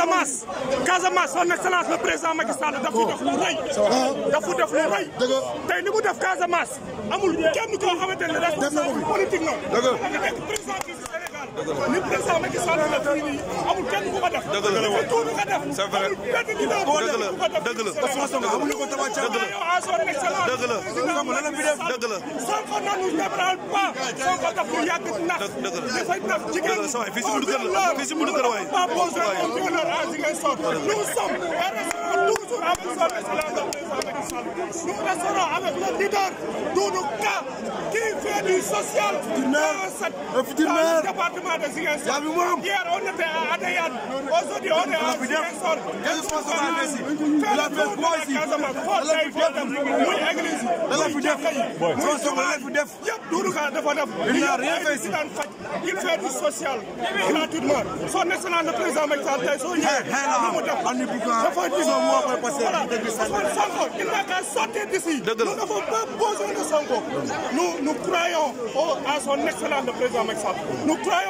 Casamance Casamance son excellence le président Macky Sall daf fi def lu rëy. daf fi def lu rëy. tey li mu def Casamance amul kenn koo xamante ne responsable politique noonu. dëgg li président Macky Sall def fii nii amul kenn ku ko def. dëgg la dëgg la tuuti ko def. c'est vrai dëgg la dëgg la. Ah, Ousmane Sonko amuñu ko tabax dëgg la dëgg la. Sonko lan la fi def dëgg la. Sonko nanu débral pas. Sonko daf ñu yàgg nax. dëgg la dafay nax jigéen ñi. waaw fii si buntu kër la fii si buntu kër waay. waaw waaw nous sommes toujours avec son excellence. Nous resterons avec le leader Doudou Ka qui fait du social. un futur maire département de on à on est ce a ici Il fait Il fait ici. fait social Nous Nous croyons son Nous croyons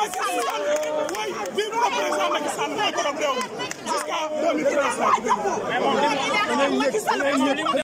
Macky Sall oui vive le président Macky Sall mooy borom réew mi jusqu'à 2035